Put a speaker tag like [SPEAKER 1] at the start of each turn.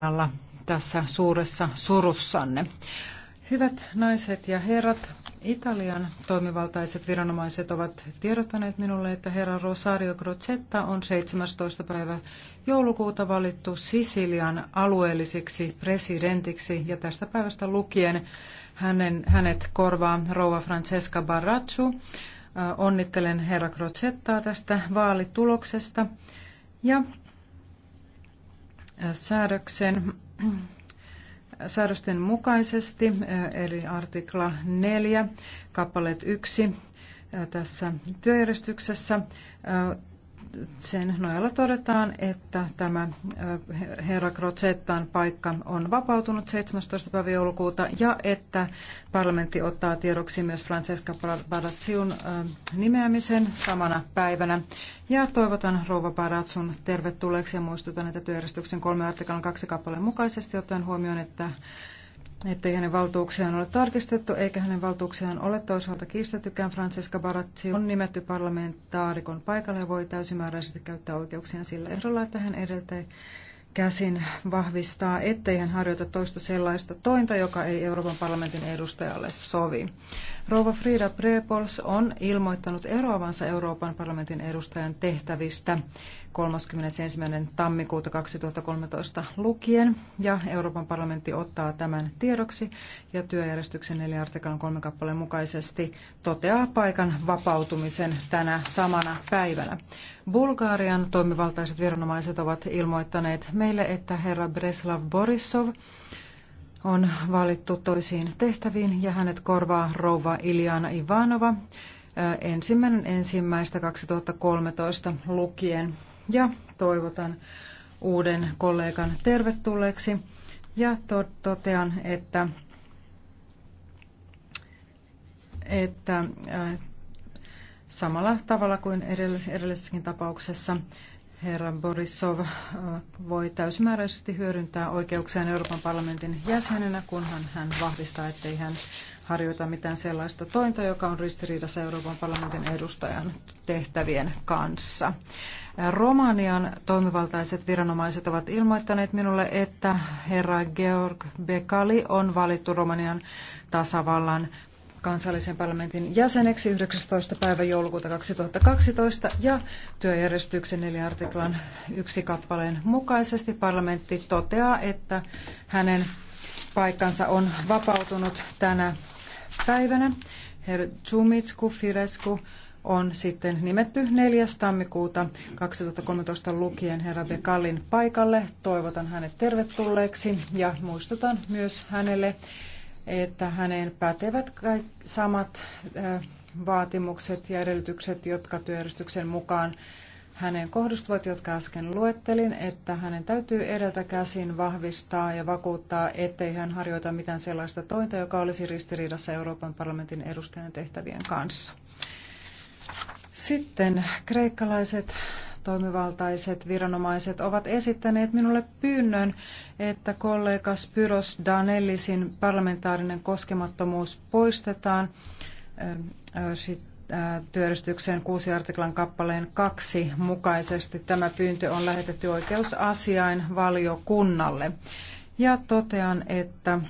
[SPEAKER 1] alla tässä suuressa surussanne. Hyvät naiset ja herrat, Italian toimivaltaiset viranomaiset ovat tiedottaneet minulle, että herra Rosario Crocetta on 17. päivä joulukuuta valittu Sisilian alueelliseksi presidentiksi ja tästä päivästä lukien hänen, hänet korvaa rouva Francesca Barraccio. Äh, onnittelen herra Crocettaa tästä vaalituloksesta ja säädöksen säädösten mukaisesti, eh, eli artikla 4, kappaleet 1 eh, tässä työjärjestyksessä eh, sen nojalla todetaan, että tämä äh, herra Crocettan paikka on vapautunut 17. päivä joulukuuta ja että parlamentti ottaa tiedoksi myös Francesca Barazziun äh, nimeämisen samana päivänä. Ja toivotan rouva Barazzun tervetulleeksi ja muistutan, että työjärjestyksen kolme artiklan kaksi kappaleen mukaisesti ottaen huomioon, että ettei hänen valtuuksiaan ole tarkistettu eikä hänen valtuuksiaan ole toisaalta kiistettykään. Francesca Barazzi on nimetty parlamentaarikon paikalle ja voi täysimääräisesti käyttää oikeuksiaan sillä ehdolla, että hän edeltää käsin vahvistaa, ettei hän harjoita toista sellaista tointa, joka ei Euroopan parlamentin edustajalle sovi. Rouva Frida Prepols on ilmoittanut eroavansa Euroopan parlamentin edustajan tehtävistä 31. tammikuuta 2013 lukien, ja Euroopan parlamentti ottaa tämän tiedoksi ja työjärjestyksen 4 artiklan 3 kappaleen mukaisesti toteaa paikan vapautumisen tänä samana päivänä. Bulgarian toimivaltaiset viranomaiset ovat ilmoittaneet me meille, että herra Breslav Borisov on valittu toisiin tehtäviin ja hänet korvaa rouva Iljana Ivanova äh, ensimmäinen ensimmäistä 2013 lukien. Ja toivotan uuden kollegan tervetulleeksi ja to- totean, että, että äh, samalla tavalla kuin edellis- edellisessäkin tapauksessa herra Borisov äh, voi täysimääräisesti hyödyntää oikeuksiaan Euroopan parlamentin jäsenenä, kunhan hän vahvistaa, ettei hän harjoita mitään sellaista tointa, joka on ristiriidassa Euroopan parlamentin edustajan tehtävien kanssa. Äh, Romanian toimivaltaiset viranomaiset ovat ilmoittaneet minulle, että herra Georg Bekali on valittu Romanian tasavallan kansallisen parlamentin jäseneksi 19. päivä joulukuuta 2012 ja työjärjestyksen 4 artiklan yksi kappaleen mukaisesti parlamentti toteaa, että hänen paikkansa on vapautunut tänä päivänä. Herr Tsumitsku Firesku on sitten nimetty 4. tammikuuta 2013 lukien herra Bekallin paikalle. Toivotan hänet tervetulleeksi ja muistutan myös hänelle että häneen pätevät kaikki samat vaatimukset ja edellytykset, jotka työjärjestyksen mukaan hänen kohdistuvat, jotka äsken luettelin, että hänen täytyy edeltä käsin vahvistaa ja vakuuttaa, ettei hän harjoita mitään sellaista tointa, joka olisi ristiriidassa Euroopan parlamentin edustajan tehtävien kanssa. Sitten kreikkalaiset toimivaltaiset viranomaiset ovat esittäneet minulle pyynnön, että kollega Spyros Danellisin parlamentaarinen koskemattomuus poistetaan työjärjestyksen 6 artiklan kappaleen 2 mukaisesti. Tämä pyyntö on lähetetty oikeusasiain valiokunnalle. Ja totean, että